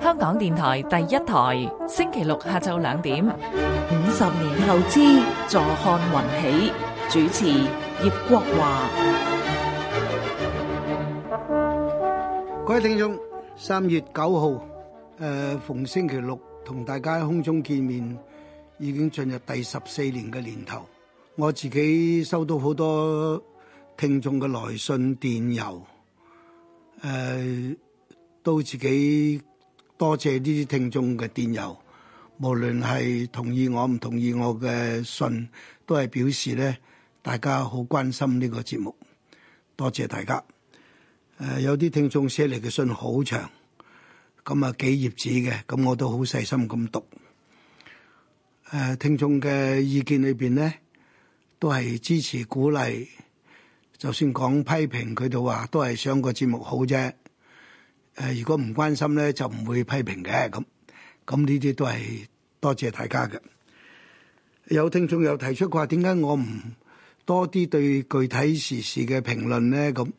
香港電台第一台，星期六下晝兩點，五十年後之坐看雲起。主持葉國華，各位聽眾，三月九號，誒，逢星期六同大家喺空中見面，已經進入第十四年嘅年頭。我自己收到好多聽眾嘅來信、電郵。誒，都自己多謝呢啲聽眾嘅電郵，無論係同意我唔同意我嘅信，都係表示咧大家好關心呢個節目，多謝大家。誒，有啲聽眾寫嚟嘅信好長，咁啊幾頁紙嘅，咁我都好細心咁讀。誒，聽眾嘅意見裏邊咧，都係支持鼓勵。就算講批評，佢哋話都係想個節目好啫。誒，如果唔關心咧，就唔會批評嘅。咁咁呢啲都係多謝大家嘅。有聽眾有提出話，點解我唔多啲對具體時事嘅評論咧？咁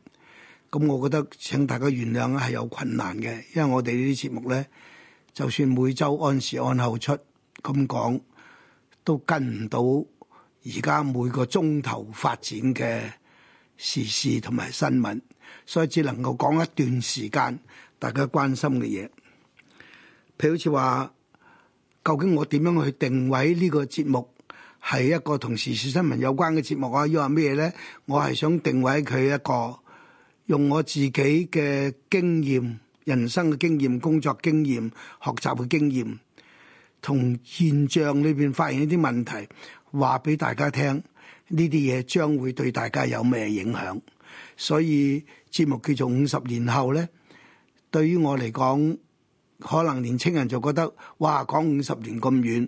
咁，我覺得請大家原諒係有困難嘅，因為我哋呢啲節目咧，就算每週按時按後出咁講，都跟唔到而家每個鐘頭發展嘅時事同埋新聞，所以只能夠講一段時間大家關心嘅嘢。譬如好似話，究竟我點樣去定位呢個節目係一個同時事新聞有關嘅節目啊？要話咩嘢咧？我係想定位佢一個用我自己嘅經驗，人生嘅經驗，工作經驗，學習嘅經驗，同現象裏邊發現一啲問題話俾大家聽。呢啲嘢將會對大家有咩影響？所以節目叫做《五十年後》呢，對於我嚟講，可能年輕人就覺得哇，講五十年咁遠，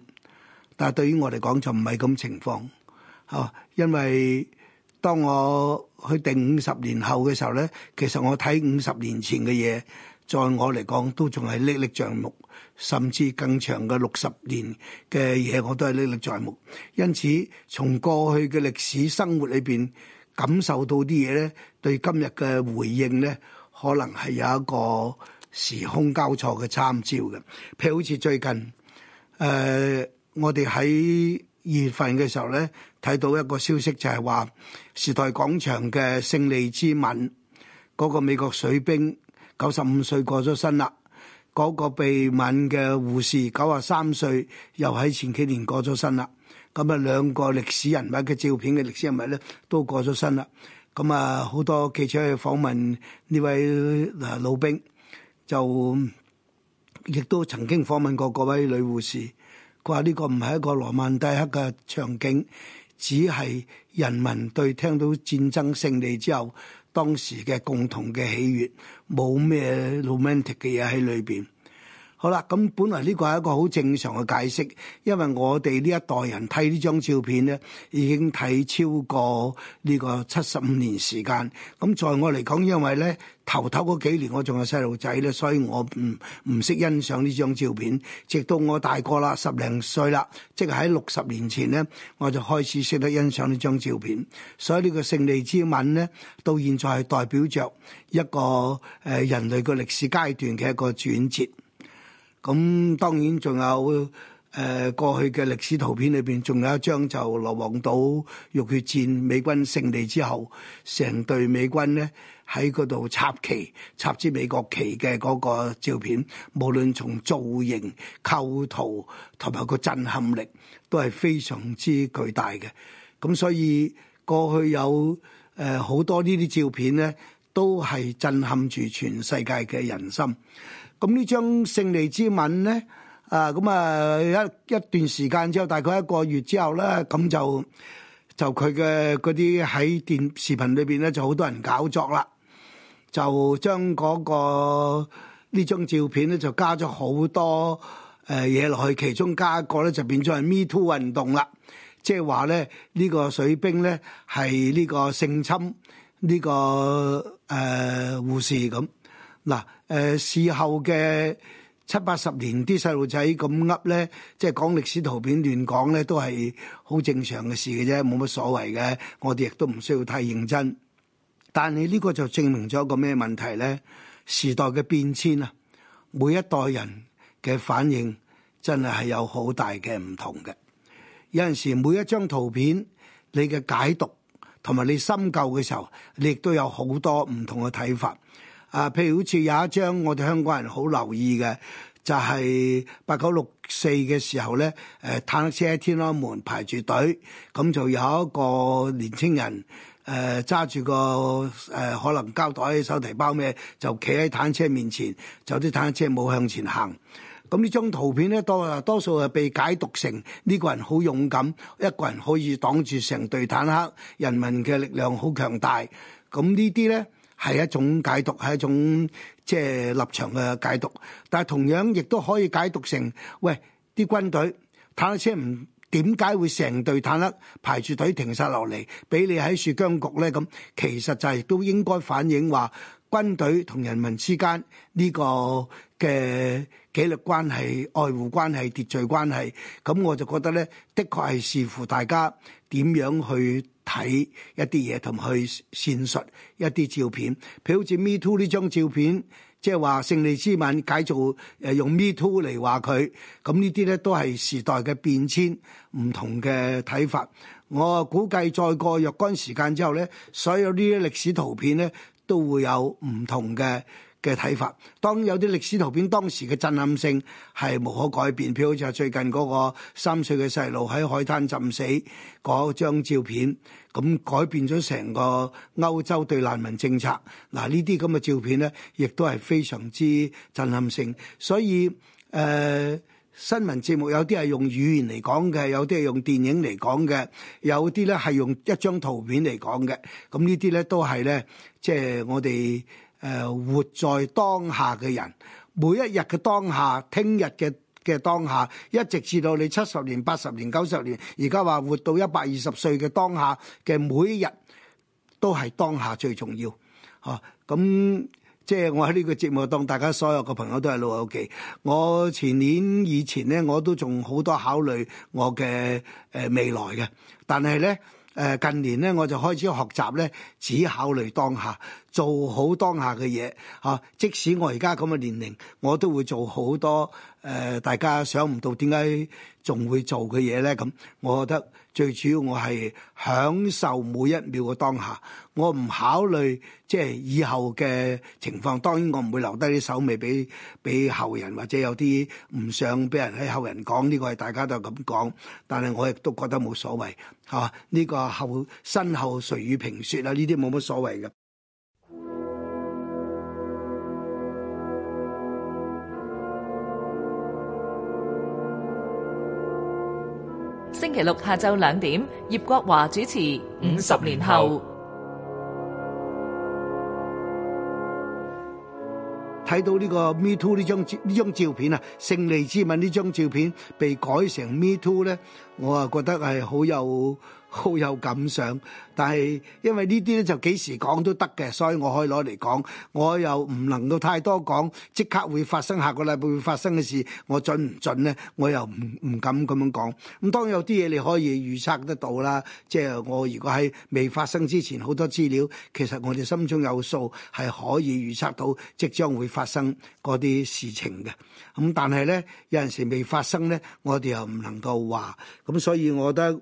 但係對於我嚟講就唔係咁情況。嚇，因為當我去定五十年後嘅時候呢，其實我睇五十年前嘅嘢。在我嚟講，都仲係歷歷在目，甚至更長嘅六十年嘅嘢，我都係歷歷在目。因此，從過去嘅歷史生活裏面感受到啲嘢咧，對今日嘅回應咧，可能係有一個時空交錯嘅參照嘅。譬如好似最近，呃、我哋喺二月份嘅時候咧，睇到一個消息就係話，時代廣場嘅勝利之吻嗰個美國水兵。九十五歲過咗身啦，嗰、那個被吻嘅護士，九十三歲又喺前幾年過咗身啦。咁啊，兩個歷史人物嘅照片嘅歷史人物咧，都過咗身啦。咁啊，好多記者去訪問呢位老兵，就亦都曾經訪問過嗰位女護士。佢話呢個唔係一個羅曼蒂克嘅場景，只係人民對聽到戰爭勝利之後，當時嘅共同嘅喜悦，冇咩 romantic 嘅嘢喺裏邊。好啦，咁本來呢個係一個好正常嘅解釋，因為我哋呢一代人睇呢張照片呢，已經睇超過呢個七十五年時間。咁在我嚟講，因為呢頭頭嗰幾年我仲有細路仔呢，所以我唔唔識欣賞呢張照片。直到我大個啦，十零歲啦，即係喺六十年前呢，我就開始識得欣賞呢張照片。所以呢個勝利之吻呢，到現在係代表着一個誒人類嘅歷史階段嘅一個轉折。咁當然仲有誒、呃、過去嘅歷史圖片裏面，仲有一張就硫黃島浴血戰，美軍勝利之後，成隊美軍呢喺嗰度插旗，插支美國旗嘅嗰個照片。無論從造型構圖同埋個震撼力，都係非常之巨大嘅。咁所以過去有誒好、呃、多呢啲照片呢，都係震撼住全世界嘅人心。咁呢張勝利之吻咧，啊咁啊一一段時間之後，大概一個月之後咧，咁就就佢嘅嗰啲喺電視頻裏面咧，就好多人搞作啦，就將嗰、嗰個呢張照片咧，就加咗好多誒嘢落去，其中加一個咧，就變咗係 Me Too 運動啦，即係話咧呢、呢個水兵咧係呢個性侵呢、呢個誒、呃、護士咁。嗱、呃，誒事後嘅七八十年小，啲細路仔咁噏咧，即係講歷史圖片亂講咧，都係好正常嘅事嘅啫，冇乜所謂嘅。我哋亦都唔需要太認真。但係呢個就證明咗一個咩問題咧？時代嘅變遷啊，每一代人嘅反應真係係有好大嘅唔同嘅。有陣時，每一張圖片你嘅解讀同埋你深究嘅時候，你亦都有好多唔同嘅睇法。啊，譬如好似有一張我哋香港人好留意嘅，就係八九六四嘅時候咧，誒，坦克車喺天安門排住隊，咁就有一個年輕人誒揸住個誒、呃、可能膠袋、手提包咩，就企喺坦克車面前，就啲坦克車冇向前行。咁呢張圖片咧，多多數係被解讀成呢、這個人好勇敢，一個人可以擋住成隊坦克，人民嘅力量好強大。咁呢啲咧。係一種解讀，係一種即係立場嘅解讀。但係同樣亦都可以解讀成，喂，啲軍隊坦克車，唔點解會成隊坦克排住隊停晒落嚟，俾你喺樹僵局咧？咁其實就係都應該反映話軍隊同人民之間呢個嘅紀律關係、愛護關係、秩序關係。咁我就覺得咧，的確係視乎大家點樣去。睇一啲嘢同去闡述一啲照片，譬如好似 Me Too 呢張照片，即係話勝利之吻解做誒用 Me Too 嚟話佢，咁呢啲咧都係時代嘅變遷，唔同嘅睇法。我估計再過若干時間之後咧，所有呢啲歷史圖片咧都會有唔同嘅。嘅睇法，當有啲歷史圖片當時嘅震撼性係無可改變，譬如好似最近嗰個三歲嘅細路喺海灘浸死嗰張照片，咁改變咗成個歐洲對難民政策。嗱，呢啲咁嘅照片呢，亦都係非常之震撼性。所以誒、呃，新聞節目有啲係用語言嚟講嘅，有啲係用電影嚟講嘅，有啲咧係用一張圖片嚟講嘅。咁呢啲咧都係咧，即係我哋。誒活在當下嘅人，每一日嘅當下，聽日嘅嘅當下，一直至到你七十年、八十年、九十年，而家話活到一百二十歲嘅當下嘅每一日，都係當下最重要嚇。咁即係我喺呢個節目當，大家所有嘅朋友都係老友記。我前年以前咧，我都仲好多考慮我嘅誒未來嘅，但係咧。誒近年咧，我就開始學習咧，只考慮當下，做好當下嘅嘢。嚇、啊，即使我而家咁嘅年齡，我都會做好多誒、呃、大家想唔到點解仲會做嘅嘢咧。咁，我覺得。最主要我係享受每一秒嘅當下，我唔考慮即係以後嘅情況，當然我唔會留低啲手尾俾俾後人，或者有啲唔想俾人喺後人講呢個係大家都係咁講，但係我亦都覺得冇所謂吓呢個後身後誰與評說啊？呢啲冇乜所謂嘅。星期六下晝兩點，葉國華主持《五十年後》年後。睇到呢個 Me Too 呢張呢張照片啊，勝利之吻呢張照片被改成 Me Too 咧，我啊覺得係好有。好有感想，但係因為呢啲咧就幾時講都得嘅，所以我可以攞嚟講，我又唔能夠太多講，即刻會發生下個禮拜會發生嘅事，我準唔準呢？我又唔唔敢咁樣講，咁當然有啲嘢你可以預測得到啦，即係我如果喺未發生之前，好多資料其實我哋心中有數，係可以預測到即將會發生嗰啲事情嘅。咁但係呢，有陣時未發生呢，我哋又唔能夠話，咁所以，我覺得。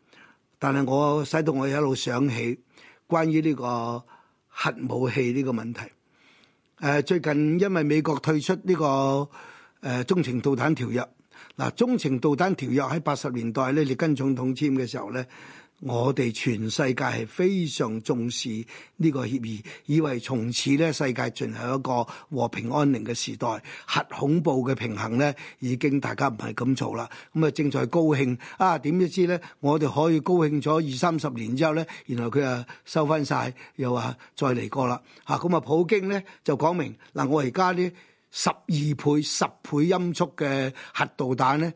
但係我使到我一路想起關於呢個核武器呢個問題，誒，最近因為美國退出呢個誒中程導彈條約，嗱，中程導彈條約喺八十年代咧，列根總統簽嘅時候咧。我哋全世界係非常重視呢個協議，以為從此咧世界進行一個和平安寧嘅時代，核恐怖嘅平衡咧已經大家唔係咁做啦。咁啊正在高興啊，點知咧我哋可以高興咗二三十年之後咧，然後佢啊收翻晒，又話再嚟過啦。咁啊，普京咧就講明嗱，我而家呢十二倍、十倍音速嘅核導彈咧。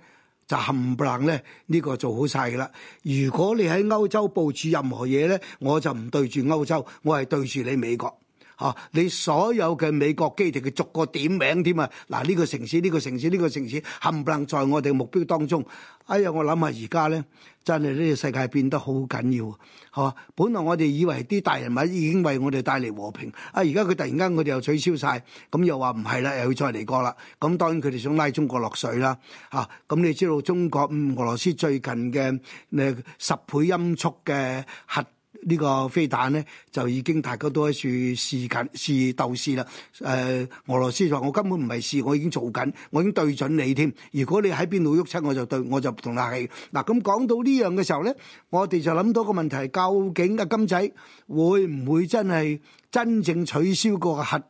就冚唪唥咧呢個做好晒噶啦！如果你喺歐洲部署任何嘢咧，我就唔對住歐洲，我係對住你美國。嚇，你所有嘅美國基地佢逐個點名添啊！嗱，呢個城市，呢個城市，呢個城市，冚唪唥在我哋目標當中。哎呀，我諗下而家咧～真係呢個世界變得好緊要，啊，本來我哋以為啲大人物已經為我哋帶嚟和平，啊！而家佢突然間我哋又取消晒。咁又話唔係啦，又要再嚟過啦。咁當然佢哋想拉中國落水啦，嚇、啊！咁你知道中國嗯，俄羅斯最近嘅誒十倍音速嘅核。呢個飛彈呢，就已經大家都喺處試緊試鬥試啦。誒，俄羅斯就話：我根本唔係試，我已經做緊，我已經對準你添。如果你喺邊度喐出，我就對，我就同你係。嗱咁講到呢樣嘅時候咧，我哋就諗到個問題：究竟阿金仔會唔會真係真正取消個核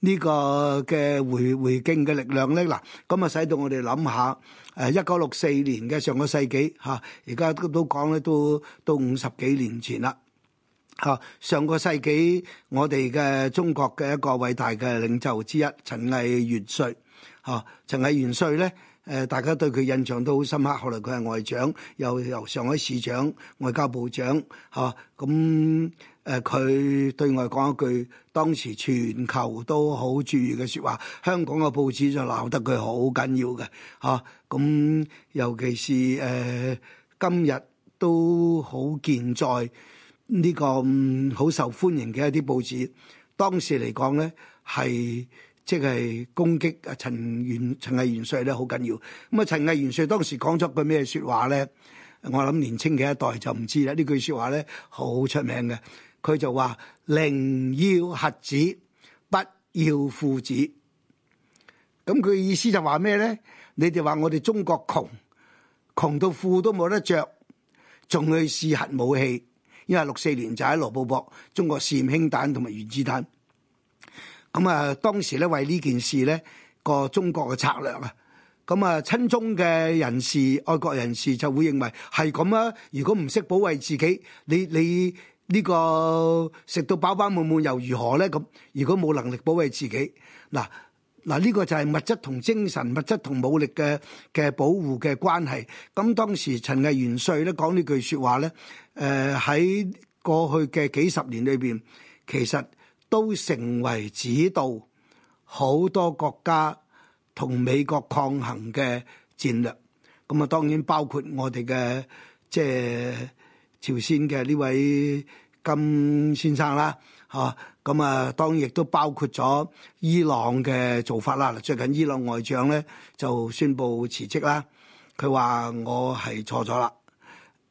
呢個嘅回回敬嘅力量咧？嗱，咁啊使到我哋諗下誒，一九六四年嘅上個世紀吓而家都講講咧，都都五十幾年前啦。吓上個世紀我哋嘅中國嘅一個偉大嘅領袖之一，陳毅元帥。吓陳毅元帥咧，誒大家對佢印象都好深刻。後來佢係外長，又由上海市長、外交部長。吓，咁誒佢對外講一句當時全球都好注意嘅說話，香港嘅報紙就鬧得佢好緊要嘅。吓，咁尤其是、呃、今日都好健在。呢、這個好受歡迎嘅一啲報紙，當時嚟講咧係即係攻擊啊。陳元陳毅元帥咧好緊要咁啊。陳毅元帥當時講咗句咩説話咧？我諗年青嘅一代就唔知啦。呢句説話咧好出名嘅，佢就話：寧要核子，不要褲子。咁佢意思就話咩咧？你哋話我哋中國窮窮到褲都冇得着，仲去試核武器？因為六四年就喺羅布泊中國試驗氫彈同埋原子彈，咁啊，當時咧為呢件事咧，個中國嘅策略啊，咁啊親中嘅人士、愛國人士就會認為係咁啊，如果唔識保衛自己，你你呢個食到飽飽滿滿又如何咧？咁如果冇能力保衛自己，嗱。嗱，呢個就係物質同精神、物質同武力嘅嘅保護嘅關係。咁當時陳毅元帥咧講呢句說話咧，誒喺過去嘅幾十年裏面，其實都成為指導好多國家同美國抗衡嘅戰略。咁啊，當然包括我哋嘅即係朝鮮嘅呢位。金先生啦，咁啊，當然亦都包括咗伊朗嘅做法啦。最近伊朗外長咧就宣布辭職啦，佢話我係錯咗啦，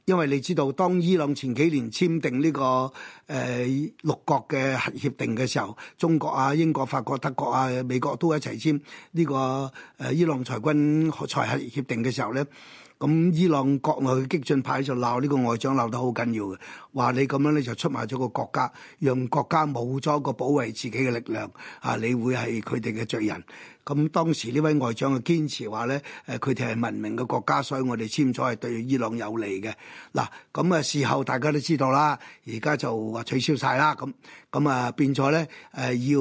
因為你知道當伊朗前幾年簽訂呢個誒六國嘅核協定嘅時候，中國啊、英國、法國、德國啊、美國都一齊簽呢個伊朗裁軍核裁核協定嘅時候咧。咁伊朗國內嘅激進派就鬧呢個外長鬧得好緊要嘅，話，你咁樣咧就出賣咗個國家，讓國家冇咗個保衛自己嘅力量，啊，你會係佢哋嘅罪人。咁當時呢位外長嘅堅持話咧，誒，佢哋係文明嘅國家，所以我哋簽咗係對伊朗有利嘅。嗱，咁啊事後大家都知道啦，而家就話取消晒啦。咁咁啊變咗咧，誒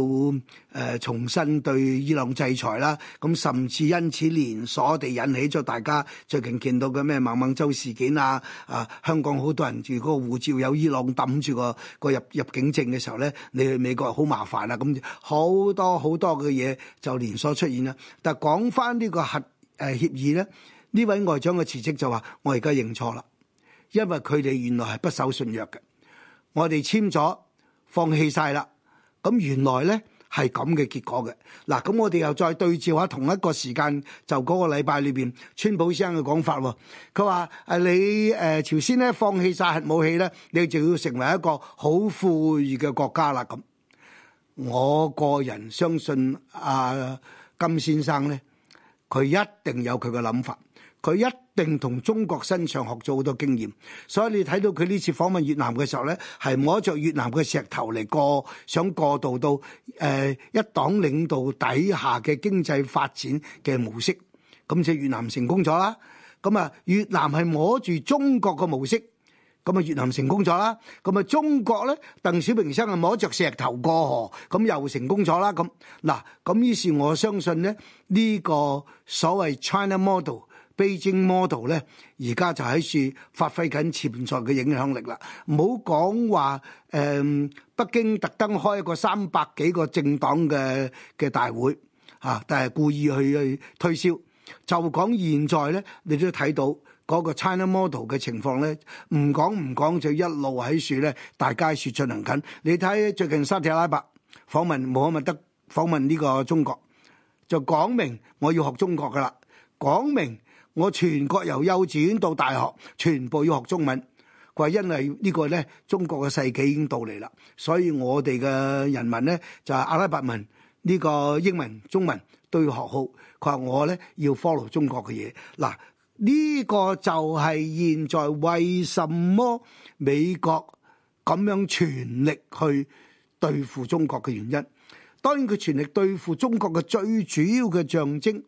要誒重新對伊朗制裁啦。咁甚至因此連鎖地引起咗大家最近見到嘅咩孟孟晚舟事件啊，啊香港好多人住個護照有伊朗抌住個個入入境證嘅時候咧，你去美國好麻煩啦。咁好多好多嘅嘢就連鎖。出現啦，但係講翻呢個核誒協議咧，呢位外長嘅辭職就話：我而家認錯啦，因為佢哋原來係不守信約嘅。我哋簽咗，放棄晒啦，咁原來咧係咁嘅結果嘅。嗱，咁我哋又再對照下同一個時間，就嗰個禮拜裏邊，川普先生嘅講法，佢話：誒，你誒朝鮮咧放棄晒核武器咧，你就要成為一個好富裕嘅國家啦。咁，我個人相信啊。金先生咧，佢一定有佢嘅諗法，佢一定同中國身上學咗好多經驗，所以你睇到佢呢次訪問越南嘅時候咧，係摸著越南嘅石頭嚟過，想過渡到誒一黨領導底下嘅經濟發展嘅模式，咁即係越南成功咗啦。咁啊，越南係摸住中國嘅模式。咁啊越南成功咗啦，咁啊中國咧，鄧小平先生摸著石頭過河，咁又成功咗啦。咁嗱，咁於是我相信咧，呢個所謂 China model、Beijing model 咧，而家就喺處發揮緊潛在嘅影響力啦。唔好講話誒，北京特登開一個三百幾個政黨嘅嘅大會啊，但係故意去去推銷。就講現在咧，你都睇到。嗰個 China model 嘅情況咧，唔講唔講就一路喺樹咧，大街樹進行緊。你睇最近沙特阿拉伯訪問穆罕默德，訪問呢個中國就講明我要學中國噶啦，講明我全國由幼稚園到大學全部要學中文。佢話因為個呢個咧中國嘅世紀已經到嚟啦，所以我哋嘅人民咧就係阿拉伯文呢個英文中文都要學好。佢話我咧要 follow 中國嘅嘢嗱。呢個就係現在為什麼美國咁樣全力去對付中國嘅原因。當然，佢全力對付中國嘅最主要嘅象徵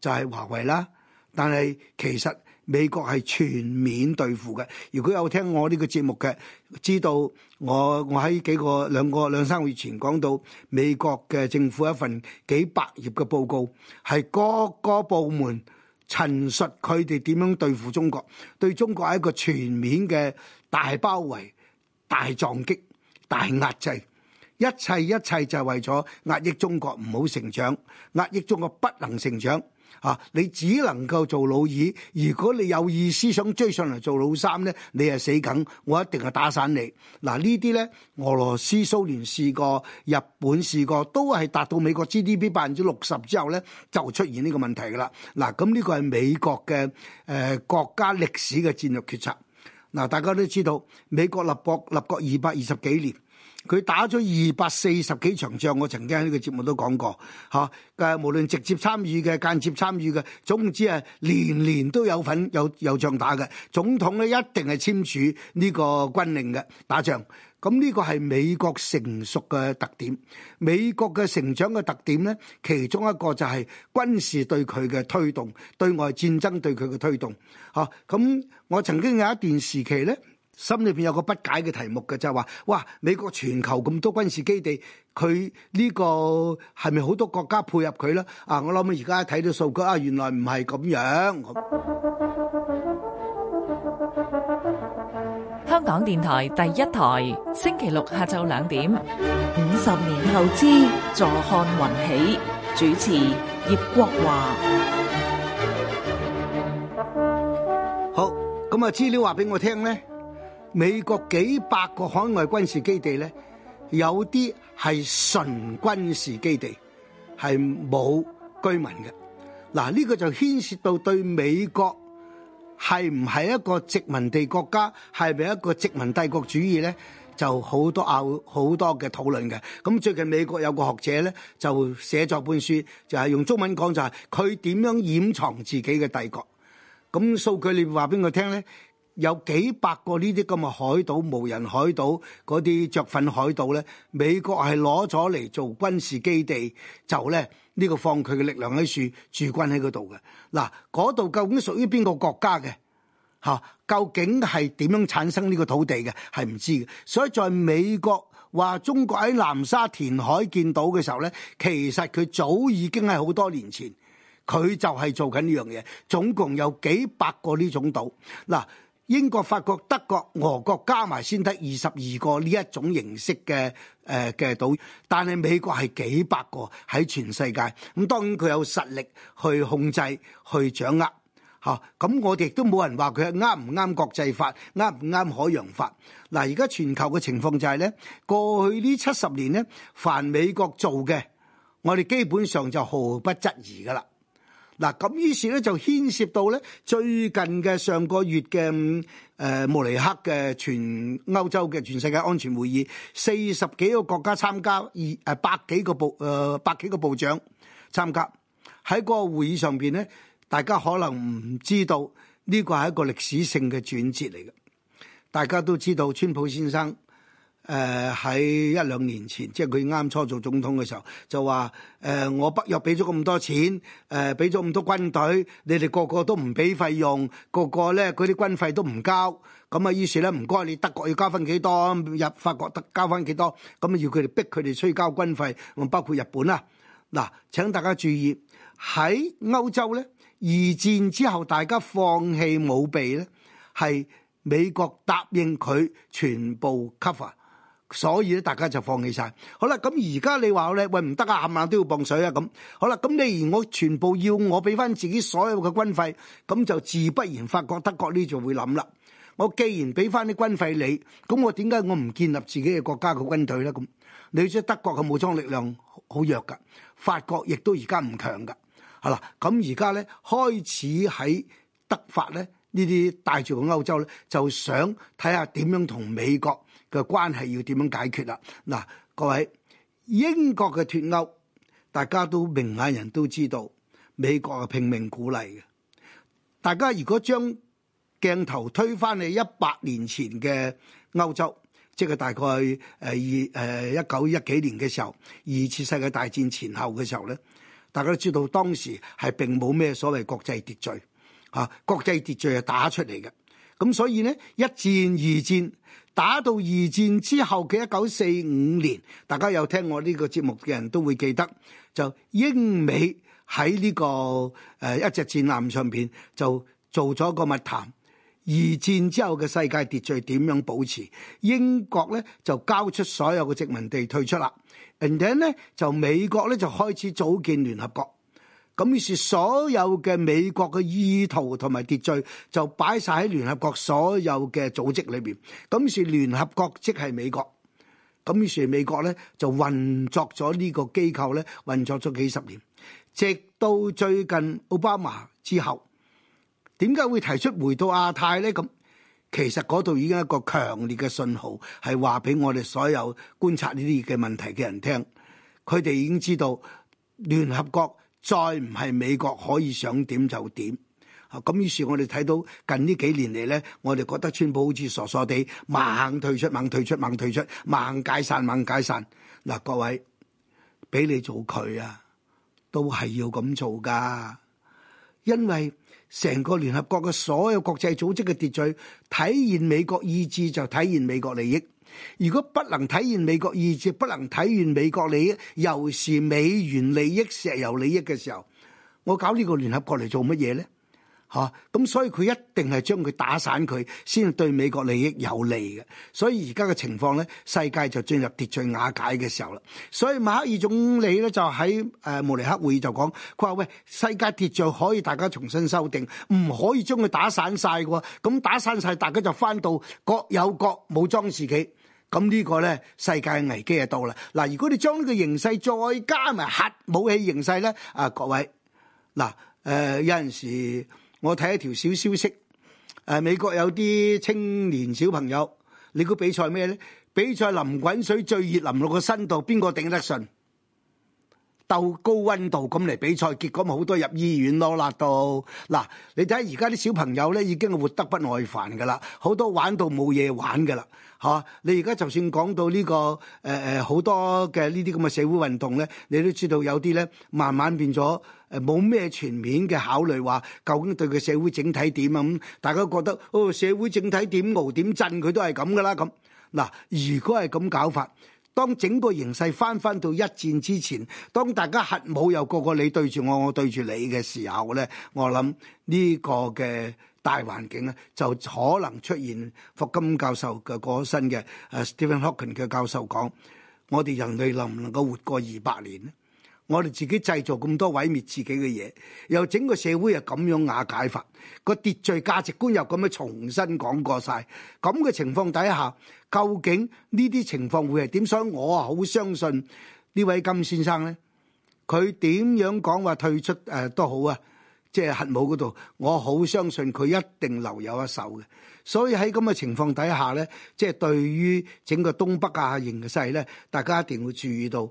就係華為啦。但係其實美國係全面對付嘅。如果有聽我呢個節目嘅，知道我我喺幾個兩個兩三個月前講到美國嘅政府一份幾百頁嘅報告，係各個部門。陳述佢哋點樣對付中國，對中國係一個全面嘅大包圍、大撞擊、大壓制，一切一切就係為咗壓抑中國唔好成長，壓抑中國不能成長。啊！你只能夠做老二，如果你有意思想追上嚟做老三咧，你係死梗，我一定係打散你嗱。啊、這些呢啲咧，俄羅斯蘇聯試過，日本試過，都係達到美國 GDP 百分之六十之後咧，就出現呢個問題噶啦嗱。咁、啊、呢個係美國嘅誒、呃、國家歷史嘅戰略決策嗱、啊。大家都知道美國立國立國二百二十幾年。佢打咗二百四十幾場仗，我曾經喺呢個節目都講過，吓，誒，無論直接參與嘅、間接參與嘅，總之係年年都有份有有仗打嘅。總統咧一定係簽署呢個軍令嘅打仗，咁呢個係美國成熟嘅特點。美國嘅成長嘅特點咧，其中一個就係軍事對佢嘅推動，對外戰爭對佢嘅推動。吓，咁我曾經有一段時期咧。心裏邊有個不解嘅題目嘅，就係話，哇，美國全球咁多軍事基地，佢呢個係咪好多國家配合佢咧？啊，我諗我而家睇到數據，啊，原來唔係咁樣。香港電台第一台，星期六下晝兩點，五十年後之，坐看雲起，主持葉國華。好，咁啊，資料話俾我聽咧。美國幾百個海外軍事基地咧，有啲係純軍事基地，係冇居民嘅。嗱，呢個就牽涉到對美國係唔係一個殖民地國家，係咪一個殖民帝國主義咧？就好多啊，好多嘅討論嘅。咁最近美國有個學者咧，就寫咗本書，就係用中文講，就係佢點樣掩藏自己嘅帝國。咁數據你話俾我聽咧？有幾百個呢啲咁嘅海島、無人海島、嗰啲雀糞海島咧，美國係攞咗嚟做軍事基地，就咧呢個放佢嘅力量喺處駐軍喺嗰度嘅。嗱，嗰度究竟屬於邊個國家嘅？嚇，究竟係點樣產生呢個土地嘅？係唔知嘅。所以在美國話中國喺南沙填海建島嘅時候咧，其實佢早已經係好多年前，佢就係做緊呢樣嘢。總共有幾百個呢種島，嗱。英國、法國、德國、俄國加埋先得二十二個呢一種形式嘅誒嘅島，但係美國係幾百個喺全世界。咁當然佢有實力去控制、去掌握吓。咁我哋亦都冇人話佢係啱唔啱國際法、啱唔啱海洋法。嗱，而家全球嘅情況就係、是、咧，過去呢七十年咧，凡美國做嘅，我哋基本上就毫不質疑噶啦。嗱，咁於是咧就牽涉到咧最近嘅上個月嘅誒慕尼克嘅全歐洲嘅全世界安全會議，四十幾個國家參加，二誒百幾個部誒百幾個部長參加喺個個會議上面咧，大家可能唔知道呢個係一個歷史性嘅轉折嚟嘅，大家都知道川普先生。誒、呃、喺一兩年前，即係佢啱初做總統嘅時候，就話誒、呃，我北約俾咗咁多錢，誒俾咗咁多軍隊，你哋個個都唔俾費用，個個咧佢啲軍費都唔交咁啊。於是咧唔該，你德國要交翻幾多入法國得交翻幾多咁啊？要佢哋逼佢哋催交軍費，我包括日本啊。嗱。請大家注意喺歐洲咧，二戰之後大家放棄武備咧，係美國答應佢全部 cover。所以咧，大家就放棄晒好啦，咁而家你話咧，喂唔得啊，啱啱都要磅水啊。咁好啦，咁你而我全部要我俾翻自己所有嘅軍費，咁就自不然發覺德國呢就會諗啦。我既然俾翻啲軍費你，咁我點解我唔建立自己嘅國家嘅軍隊咧？咁你知德國嘅武裝力量好弱噶，法國亦都而家唔強噶。係啦，咁而家咧開始喺德法咧呢啲帶住個歐洲咧，就想睇下點樣同美國嘅關係要點樣解決啦？嗱，各位英國嘅脱歐，大家都明眼人都知道，美國係拼命鼓勵嘅。大家如果將鏡頭推返去一百年前嘅歐洲，即係大概誒二誒一九一幾年嘅時候，二次世界大戰前後嘅時候咧，大家都知道當時係並冇咩所謂國際秩序，嚇、啊、國際秩序係打出嚟嘅。咁所以呢，一戰、二戰。打到二戰之後嘅一九四五年，大家有聽我呢個節目嘅人都會記得，就英美喺呢、呢個、呃、一隻戰艦上面就做咗個密談。二戰之後嘅世界秩序點樣保持？英國咧就交出所有嘅殖民地，退出啦，And then 呢就美國咧就開始組建聯合國。咁於是所有嘅美國嘅意圖同埋秩序就擺晒喺聯合國所有嘅組織裏面。咁於是聯合國即係美國。咁於是美國咧就運作咗呢個機構咧，運作咗幾十年，直到最近奧巴馬之後，點解會提出回到亞太咧？咁其實嗰度已經一個強烈嘅信號，係話俾我哋所有觀察呢啲嘅問題嘅人聽。佢哋已經知道聯合國。再唔係美國可以想點就點，咁、啊、於是我哋睇到近呢幾年嚟咧，我哋覺得川普好似傻傻地猛退出、嗯、猛退出、猛退出、猛解散、猛解散。嗱、啊，各位俾你做佢啊，都係要咁做噶，因為成個聯合國嘅所有國際組織嘅秩序，體現美國意志就體現美國利益。如果不能體現美國意志，不能體現美國利益，又是美元利益、石油利益嘅時候，我搞呢個聯合國嚟做乜嘢呢？吓、啊，咁所以佢一定係將佢打散佢，先對美國利益有利嘅。所以而家嘅情況呢，世界就進入秩序瓦解嘅時候啦。所以馬克爾總理咧就喺誒慕尼黑會議就講，佢話喂，世界秩序可以大家重新修訂，唔可以將佢打散晒嘅。咁打散晒，大家就翻到各有各武裝時期。咁呢個咧，世界危機就到啦。嗱，如果你將呢個形勢再加埋核武器形勢咧，啊，各位，嗱，誒有陣時我睇一條小消息，誒美國有啲青年小朋友，你估比賽咩咧？比賽淋滾水最熱淋落個身度，邊個頂得順？鬥高溫度咁嚟比賽，結果咪好多入醫院咯，辣到。嗱你睇下而家啲小朋友咧已經活得不耐煩噶啦，好多玩到冇嘢玩噶啦，嚇你而家就算講到呢個誒誒好多嘅呢啲咁嘅社會運動咧，你都知道有啲咧慢慢變咗誒冇咩全面嘅考慮，話究竟對佢社會整體點啊咁，大家覺得哦社會整體無點傲點震佢都係咁噶啦咁，嗱如果係咁搞法。當整個形勢翻返到一戰之前，當大家核武又個個你對住我，我對住你嘅時候咧，我諗呢個嘅大環境咧，就可能出現霍金教授嘅身嘅，誒 Stephen Hawking 嘅教授講，我哋人類能唔能夠活過二百年咧？我哋自己製造咁多毀滅自己嘅嘢，又整個社會又咁樣瓦解法，個秩序價值觀又咁樣重新講過晒。咁嘅情況底下，究竟呢啲情況會係點？所以我啊好相信呢位金先生咧，佢點樣講話退出誒都好啊，即係核武嗰度，我好相信佢一定留有一手嘅。所以喺咁嘅情況底下咧，即係對於整個東北亞形勢咧，大家一定要注意到。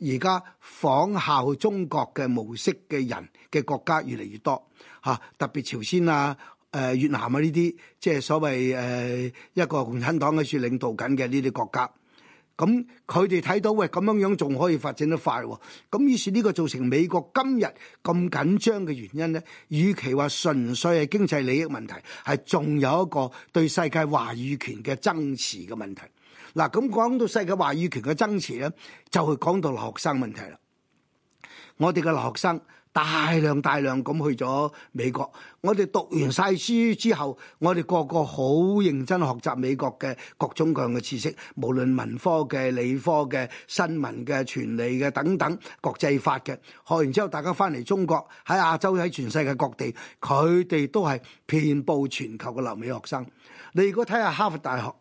而家仿效中國嘅模式嘅人嘅國家越嚟越多嚇，特別朝鮮啊、誒越南啊呢啲，即係所謂誒一個共產黨喺處領導緊嘅呢啲國家，咁佢哋睇到喂咁樣樣仲可以發展得快，咁於是呢個造成美國今日咁緊張嘅原因咧，與其話純粹係經濟利益問題，係仲有一個對世界話語權嘅爭持嘅問題。嗱，咁講到世界話語權嘅爭持咧，就係講到留學生問題啦。我哋嘅留學生大量大量咁去咗美國，我哋讀完晒書之後，我哋個個好認真學習美國嘅各種各樣嘅知識，無論文科嘅、理科嘅、新聞嘅、傳理嘅等等，國際法嘅。學完之後，大家翻嚟中國，喺亞洲，喺全世界各地，佢哋都係遍布全球嘅留美學生。你如果睇下哈佛大學。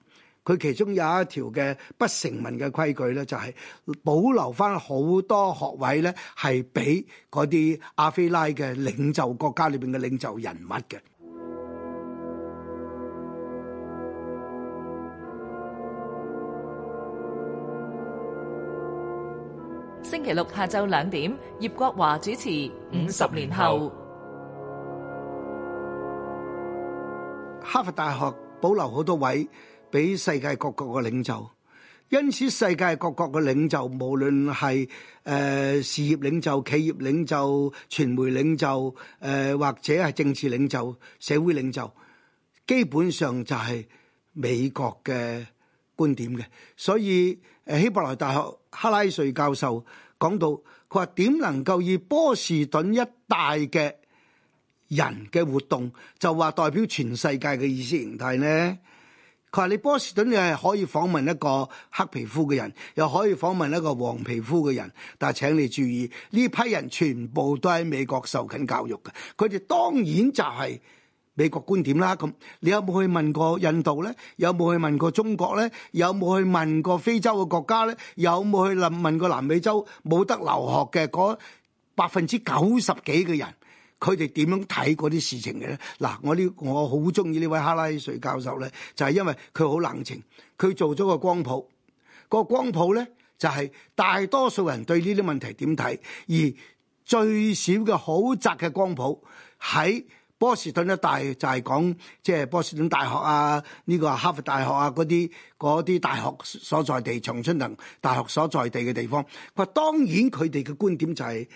佢其中有一條嘅不成文嘅規矩咧，就係保留返好多學位咧，係俾嗰啲亞非拉嘅領袖國家裏邊嘅領袖人物嘅。星期六下晝兩點，葉國華主持《五十年後》。哈佛大學保留好多位。俾世界各國嘅領袖，因此世界各國嘅領袖，無論係誒、呃、事業領袖、企業領袖、傳媒領袖，呃、或者係政治領袖、社會領袖，基本上就係美國嘅觀點嘅。所以希伯來大學哈拉瑞教授講到，佢話點能夠以波士頓一帶嘅人嘅活動就話代表全世界嘅意識形態呢？話你波士頓，你係可以訪問一個黑皮膚嘅人，又可以訪問一個黃皮膚嘅人，但係請你注意，呢批人全部都喺美國受緊教育嘅，佢哋當然就係美國觀點啦。咁你有冇去問過印度咧？有冇去問過中國咧？有冇去問過非洲嘅國家咧？有冇去問問過南美洲冇得留學嘅嗰百分之九十幾嘅人？佢哋點樣睇嗰啲事情嘅咧？嗱，我呢，我好中意呢位哈拉瑞教授咧，就係因為佢好冷靜，佢做咗個光譜個光譜咧，就係大多數人對呢啲問題點睇，而最少嘅好窄嘅光譜喺波士頓一帶，就係講即係波士頓大學啊，呢個哈佛大學啊，嗰啲嗰啲大學所在地、長春藤大學所在地嘅地方。佢話當然佢哋嘅觀點就係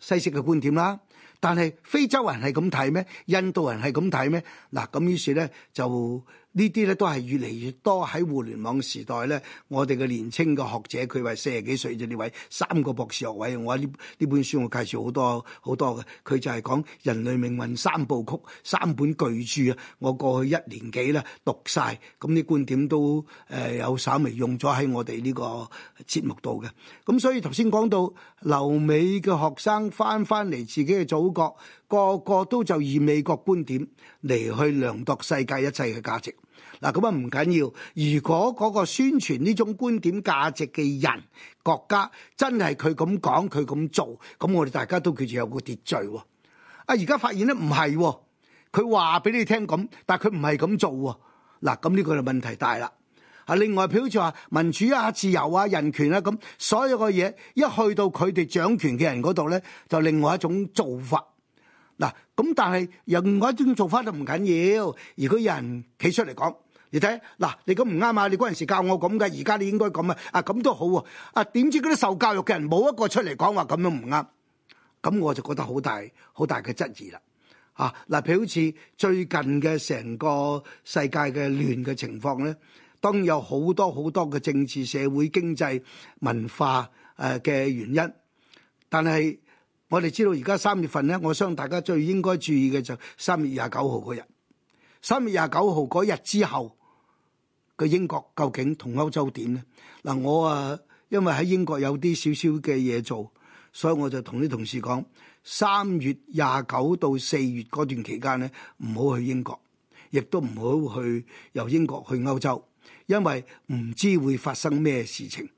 西式嘅觀點啦。但係非洲人係咁睇咩？印度人係咁睇咩？嗱，咁於是咧就。呢啲咧都係越嚟越多喺互聯網時代咧，我哋嘅年青嘅學者，佢話四十幾歲啫，呢位三個博士學位，我呢呢本書我介紹好多好多嘅，佢就係講人類命運三部曲、三本巨著啊！我過去一年幾咧讀晒，咁啲觀點都誒有稍微用咗喺我哋呢個節目度嘅。咁所以頭先講到留美嘅學生翻翻嚟自己嘅祖國個個都就以美國觀點嚟去量度世界一切嘅價值。嗱咁啊唔緊要，如果嗰個宣傳呢種觀點價值嘅人國家真係佢咁講佢咁做，咁我哋大家都叫住有個秩序喎。啊而家發現咧唔係，佢話俾你聽咁，但佢唔係咁做喎。嗱咁呢個就問題大啦。啊另外，譬如好似話民主啊、自由啊、人權啊咁所有嘅嘢一去到佢哋掌權嘅人嗰度咧，就另外一種做法。嗱咁但係另外一種做法就唔緊要，如果有人企出嚟講。你睇嗱，你咁唔啱啊！你嗰陣時教我咁嘅，而家你應該咁啊！啊，咁都好啊，啊，點知嗰啲受教育嘅人冇一個出嚟講話咁樣唔啱。咁我就覺得好大好大嘅質疑啦！啊，嗱，譬如好似最近嘅成個世界嘅亂嘅情況咧，當然有好多好多嘅政治、社會、經濟、文化誒嘅原因，但係我哋知道而家三月份咧，我相信大家最應該注意嘅就三月廿九號嗰日，三月廿九號嗰日之後。去英國究竟同歐洲點呢？嗱，我啊，因為喺英國有啲少少嘅嘢做，所以我就同啲同事講，三月廿九到四月嗰段期間咧，唔好去英國，亦都唔好去由英國去歐洲，因為唔知會發生咩事情。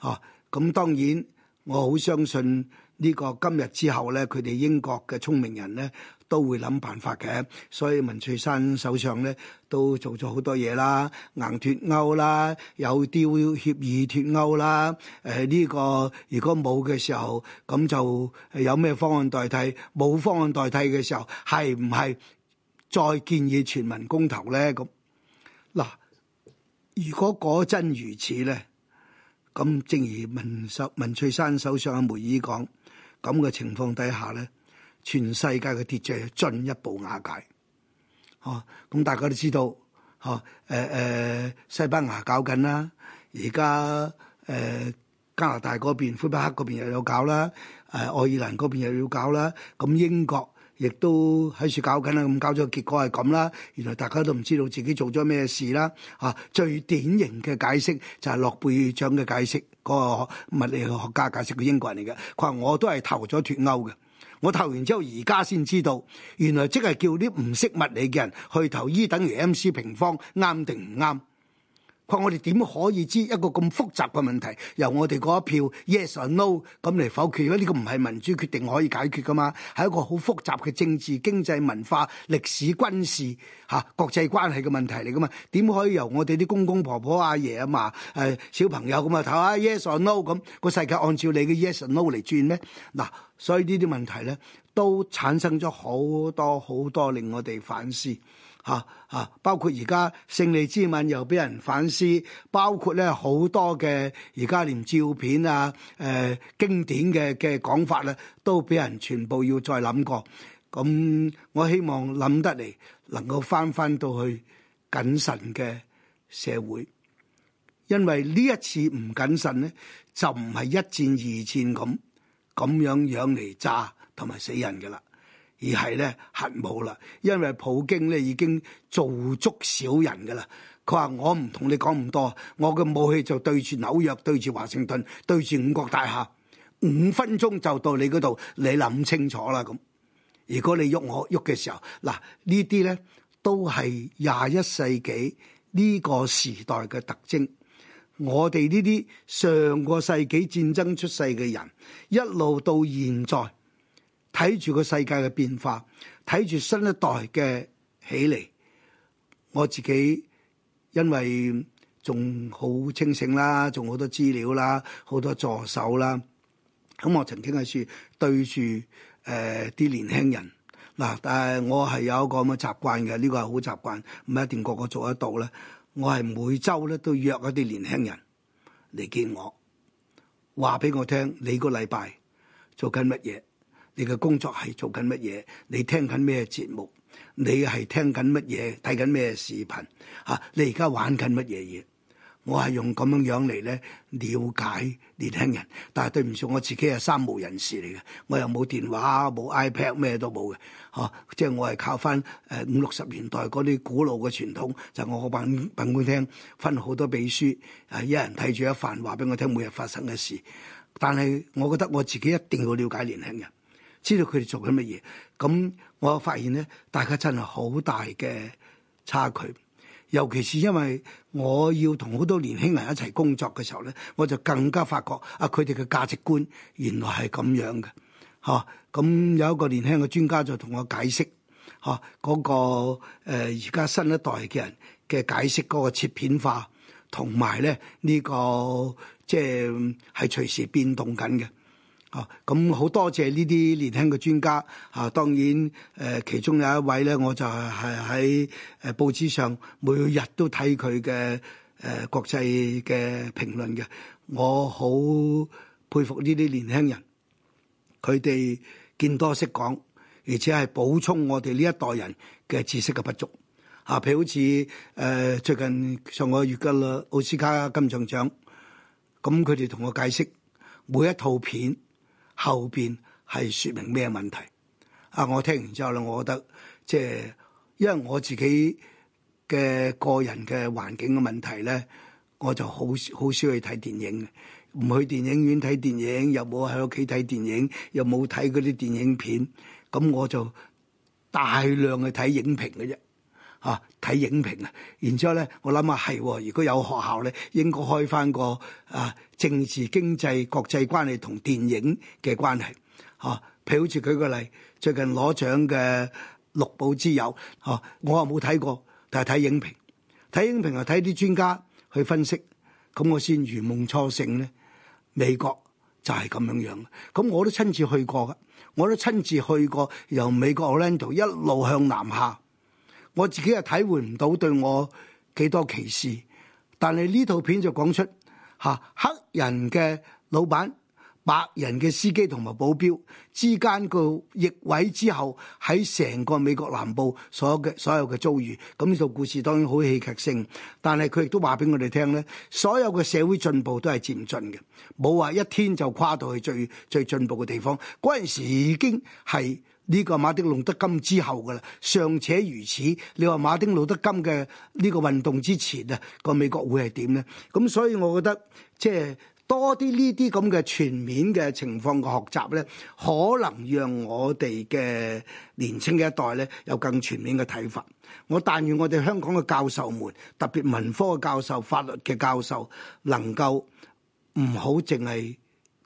哦、啊，咁當然我好相信呢個今日之後咧，佢哋英國嘅聰明人咧。都會諗辦法嘅，所以文翠山首相咧都做咗好多嘢啦，硬脱歐啦，有丟協議脱歐啦。呢、呃，呢個如果冇嘅時候，咁就有咩方案代替？冇方案代替嘅時候，係唔係再建議全民公投咧？咁嗱，如果果真如此咧，咁正如文秀、文翠山首相阿梅姨講，咁嘅情況底下咧。全世界嘅秩序進一步瓦解，哦，咁大家都知道，哦，誒、呃、誒，西班牙搞緊啦，而家誒加拿大嗰邊、魁北克嗰邊又有搞啦，誒、呃、愛爾蘭嗰邊又要搞啦，咁英國亦都喺處搞緊啦，咁搞咗結果係咁啦，原來大家都唔知道自己做咗咩事啦，啊，最典型嘅解釋就係諾貝爾獎嘅解釋，嗰、那個物理學家解釋嘅英國人嚟嘅，佢話我都係投咗脱歐嘅。我投完之後，而家先知道，原來即係叫啲唔識物理嘅人去投 E 等於 M C 平方，啱定唔啱？我哋點可以知一個咁複雜嘅問題由我哋嗰一票 yes or no 咁嚟否決咧？因為呢個唔係民主決定可以解決噶嘛？係一個好複雜嘅政治、經濟、文化、歷史、軍事吓、啊、國際關係嘅問題嚟噶嘛？點可以由我哋啲公公婆婆阿爺啊、嫲、啊、小朋友咁啊睇下 yes or no 咁個世界按照你嘅 yes or no 嚟轉呢？嗱、啊，所以呢啲問題咧，都產生咗好多好多令我哋反思。吓、啊、吓、啊，包括而家勝利之吻又俾人反思，包括咧好多嘅而家連照片啊，誒、呃、經典嘅嘅講法咧、啊，都俾人全部要再諗過。咁我希望諗得嚟，能夠返返到去謹慎嘅社會，因為呢一次唔謹慎咧，就唔係一戰二戰咁咁樣樣嚟炸同埋死人㗎喇。而係咧核武啦，因為普京咧已經做足少人噶啦。佢話：我唔同你講咁多，我嘅武器就對住紐約、對住華盛頓、對住五角大廈，五分鐘就到你嗰度，你諗清楚啦咁。如果你喐我喐嘅時候，嗱呢啲咧都係廿一世紀呢個時代嘅特徵。我哋呢啲上個世紀戰爭出世嘅人，一路到現在。睇住個世界嘅變化，睇住新一代嘅起嚟，我自己因為仲好清醒啦，仲好多資料啦，好多助手啦。咁我曾經係說對住誒啲年輕人嗱，但係我係有一個咁嘅習慣嘅，呢個係好習慣，唔一定個個做得到咧。我係每週咧都約一啲年輕人嚟見我，話俾我聽你個禮拜做緊乜嘢？你嘅工作係做緊乜嘢？你聽緊咩節目？你係聽緊乜嘢？睇緊咩視頻？嚇！你而家玩緊乜嘢嘢？我係用咁樣樣嚟咧了解年輕人。但係對唔住，我自己係三無人士嚟嘅，我又冇電話，冇 iPad，咩都冇嘅。嚇！即係我係靠翻誒五六十年代嗰啲古老嘅傳統，就我個辦辦公廳分好多秘書，係一人睇住一份，話俾我聽每日發生嘅事。但係我覺得我自己一定要了解年輕人。知道佢哋做緊乜嘢，咁我發現咧，大家真係好大嘅差距。尤其是因為我要同好多年輕人一齊工作嘅時候咧，我就更加發覺啊，佢哋嘅價值觀原來係咁樣嘅。吓，咁有一個年輕嘅專家就同我解釋吓嗰個誒而家新一代嘅人嘅解釋嗰個切片化，同埋咧呢個即係係隨時變動緊嘅。咁好多謝呢啲年輕嘅專家。啊、當然、呃、其中有一位咧，我就係喺報紙上每日都睇佢嘅國際嘅評論嘅。我好佩服呢啲年輕人，佢哋見多識廣，而且係補充我哋呢一代人嘅知識嘅不足。啊、譬如好似、呃、最近上個月嘅啦奧斯卡金像獎，咁佢哋同我解釋每一套片。後邊係說明咩問題？啊，我聽完之後咧，我覺得即係、就是、因為我自己嘅個人嘅環境嘅問題咧，我就好好少去睇電影，唔去電影院睇電影，又冇喺屋企睇電影，又冇睇嗰啲電影片，咁我就大量去睇影評嘅啫。啊！睇影評啊，然之後咧，我諗下係，如果有學校咧，應該開翻個啊政治經濟國際關係同電影嘅關係啊、哦。譬如好似舉個例，最近攞獎嘅《六寶之友》啊、哦，我又冇睇過，但係睇影評，睇影評又睇啲專家去分析，咁我先如夢初醒咧。美國就係咁樣樣，咁我都親自去過噶，我都親自去過由美國奧蘭多一路向南下。我自己又體會唔到對我幾多歧視，但係呢套片就講出黑人嘅老闆、白人嘅司機同埋保鏢之間個逆位之後喺成個美國南部所有嘅所有嘅遭遇，咁呢套故事當然好戲劇性，但係佢亦都話俾我哋聽咧，所有嘅社會進步都係漸進嘅，冇話一天就跨到去最最進步嘅地方。嗰陣時已經係。呢個馬丁路德金之後嘅啦，尚且如此。你話馬丁路德金嘅呢個運動之前啊，個美國會係點咧？咁所以我覺得即係、就是、多啲呢啲咁嘅全面嘅情況嘅學習咧，可能讓我哋嘅年青嘅一代咧，有更全面嘅睇法。我但願我哋香港嘅教授們，特別文科嘅教授，法律嘅教授，能夠唔好淨係。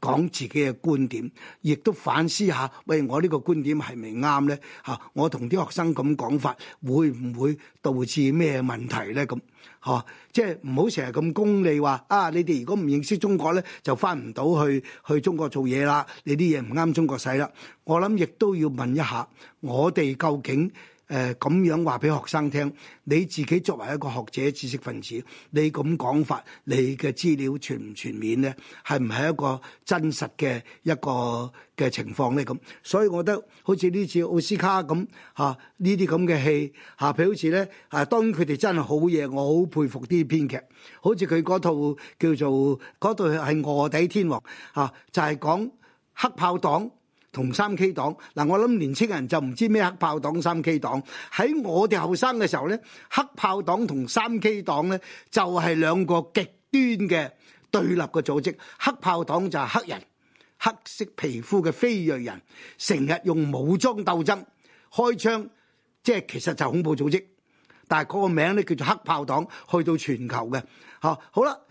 講自己嘅觀點，亦都反思下，喂，我呢個觀點係咪啱咧？嚇，我同啲學生咁講法，會唔會導致咩問題咧？咁，嚇，即係唔好成日咁功利話，啊，你哋如果唔認識中國咧，就翻唔到去去中國做嘢啦，你啲嘢唔啱中國使啦。我諗亦都要問一下，我哋究竟？誒咁樣話俾學生聽，你自己作為一個學者、知識分子，你咁講法，你嘅資料全唔全面呢？係唔係一個真實嘅一個嘅情況呢？咁所以，我覺得好似呢次奧斯卡咁嚇呢啲咁嘅戲啊譬如、啊、好似呢，啊當然佢哋真係好嘢，我好佩服啲編劇，好似佢嗰套叫做嗰套係臥底天王嚇、啊，就係、是、講黑豹黨。同三 K 黨嗱，我諗年青人就唔知咩黑豹黨三 K 黨，喺我哋後生嘅時候咧，黑豹黨同三 K 黨咧就係兩個極端嘅對立嘅組織。黑豹黨就係黑人、黑色皮膚嘅非裔人，成日用武裝鬥爭開槍，即係其實就恐怖組織，但係嗰個名咧叫做黑豹黨，去到全球嘅吓，好啦。好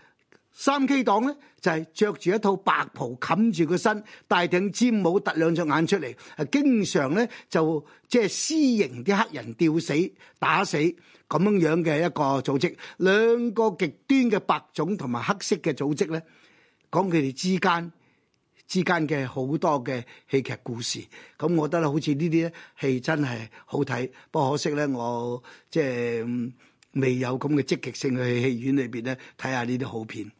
三 K 黨咧就係着住一套白袍，冚住個身，戴頂尖帽，突兩隻眼出嚟，係經常咧就即係、就是、私刑啲黑人吊死、打死咁樣樣嘅一個組織。兩個極端嘅白種同埋黑色嘅組織咧，講佢哋之間之間嘅好多嘅戲劇故事。咁我覺得咧，好似呢啲戲真係好睇，不過可惜咧我即係、就是、未有咁嘅積極性去戲院裏邊咧睇下呢啲好片。